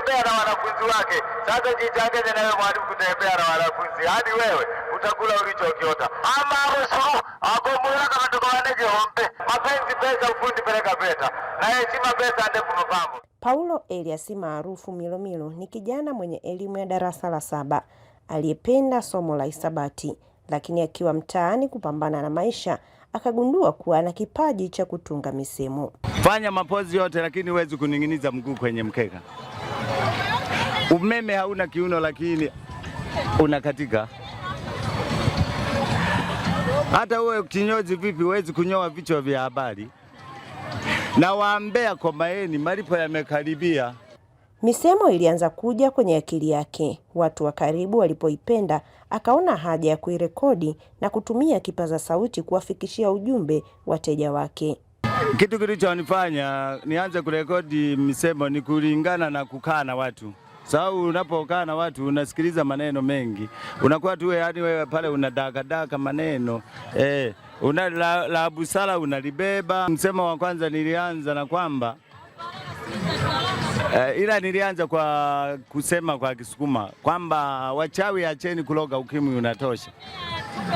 kutembea na wanafunzi wake. Sasa jitangaze na wewe mwalimu kutembea na wanafunzi, hadi wewe utakula ulichokiota. ama rusuru akomulaka matokowaneje hombe mapenzi pesa ufundi peleka peta na heshima pesa ndefu mapambo. Paulo Elias maarufu Milomilo ni kijana mwenye elimu ya darasa la saba aliyependa somo la hisabati, lakini akiwa mtaani kupambana na maisha akagundua kuwa na kipaji cha kutunga misemo. Fanya mapozi yote, lakini huwezi kuning'iniza mguu kwenye mkeka. Umeme hauna kiuno, lakini unakatika. Hata uwe kinyozi vipi, huwezi kunyoa vichwa vya habari. Na waambea kwa maeni, malipo yamekaribia. Misemo ilianza kuja kwenye akili yake, watu wa karibu walipoipenda, akaona haja ya kuirekodi na kutumia kipaza sauti kuwafikishia ujumbe wateja wake. Kitu kilichonifanya nianze kurekodi misemo ni kulingana na kukaa na watu sababu unapokaa na watu unasikiliza maneno mengi, unakuwa tu yani wewe pale unadakadaka maneno eh, una la, la busara unalibeba. Msemo wa kwanza nilianza na kwamba Uh, ila nilianza kwa kusema kwa Kisukuma kwamba wachawi acheni kuloga, ukimwi unatosha.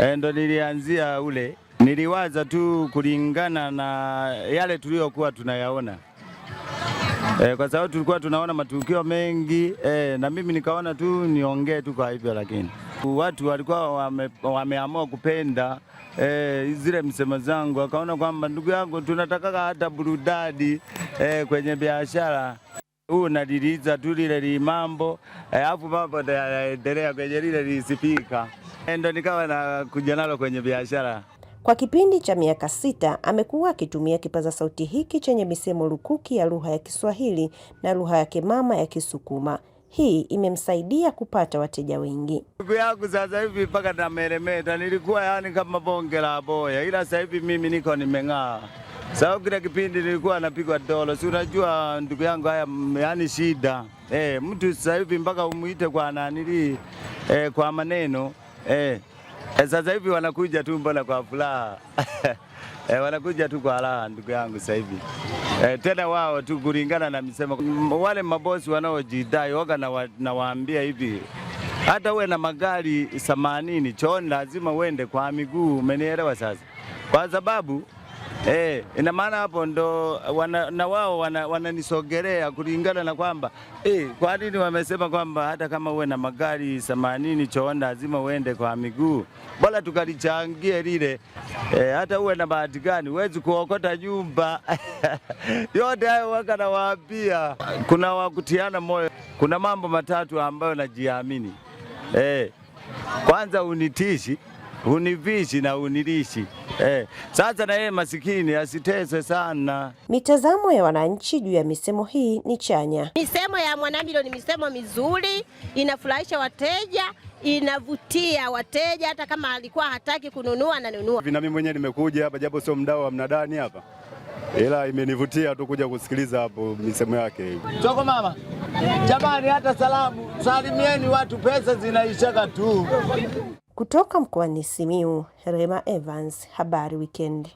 E, ndo nilianzia ule, niliwaza tu kulingana na yale tuliyokuwa tunayaona e, kwa sababu tulikuwa tunaona matukio mengi e, na mimi nikaona tu niongee tu kwa hivyo, lakini watu walikuwa wame, wameamua kupenda e, zile msemo zangu, akaona kwamba ndugu yangu tunataka hata burudadi e, kwenye biashara huu naliliza tu lile limambo alafu mambo yanaendelea kwenye lile lisipika, ndo nikawa na kuja nalo kwenye biashara. Kwa kipindi cha miaka sita amekuwa akitumia kipaza sauti hiki chenye misemo lukuki ya lugha ya Kiswahili na lugha yake mama ya Kisukuma. Hii imemsaidia kupata wateja wengi. Siku yangu sasa hivi mpaka nameremeta, nilikuwa yani kama bonge la boya, ila sasa hivi mimi niko nimeng'aa sababu kila kipindi nilikuwa napigwa dolo, si unajua ndugu yangu, haya yani shida e, mtu sasa hivi mpaka umuite kwa nanili e, eh, kwa maneno e. E, sasa hivi wanakuja tu mbona kwa furaha e, wanakuja tu kwa raha ndugu yangu sasa hivi e, tena wao tu kulingana na misemo wale mabosi wanaojidai waga na, nawaambia hivi hata uwe na magari themanini chooni lazima uende kwa miguu, umenielewa? Sasa kwa sababu Eh, ina maana hapo ndo wana, na wao wananisogelea wana kulingana na kwamba eh, kwa nini wamesema kwamba hata kama uwe na magari 80 chooni lazima uende kwa miguu, bora tukalichangie lile eh, hata uwe na bahati gani huwezi kuokota nyumba yote hayo waka nawaambia, kuna wakutiana moyo. Kuna mambo matatu ambayo najiamini eh, kwanza unitishi, univishi na unilishi Eh, sasa na yeye masikini asiteswe sana. Mitazamo ya wananchi juu ya misemo hii ni chanya. Misemo ya Mwanamilo ni misemo mizuri, inafurahisha wateja, inavutia wateja, hata kama alikuwa hataki kununua ananunua. Na mimi mwenyewe nimekuja hapa, japo sio mdau wa mnadani hapa, ila imenivutia tu kuja kusikiliza hapo misemo yake. Choko mama, jamani, hata salamu salimieni watu, pesa zinaishaka tu. Kutoka mkoani Simiyu, Rema Evans, Habari Wikendi.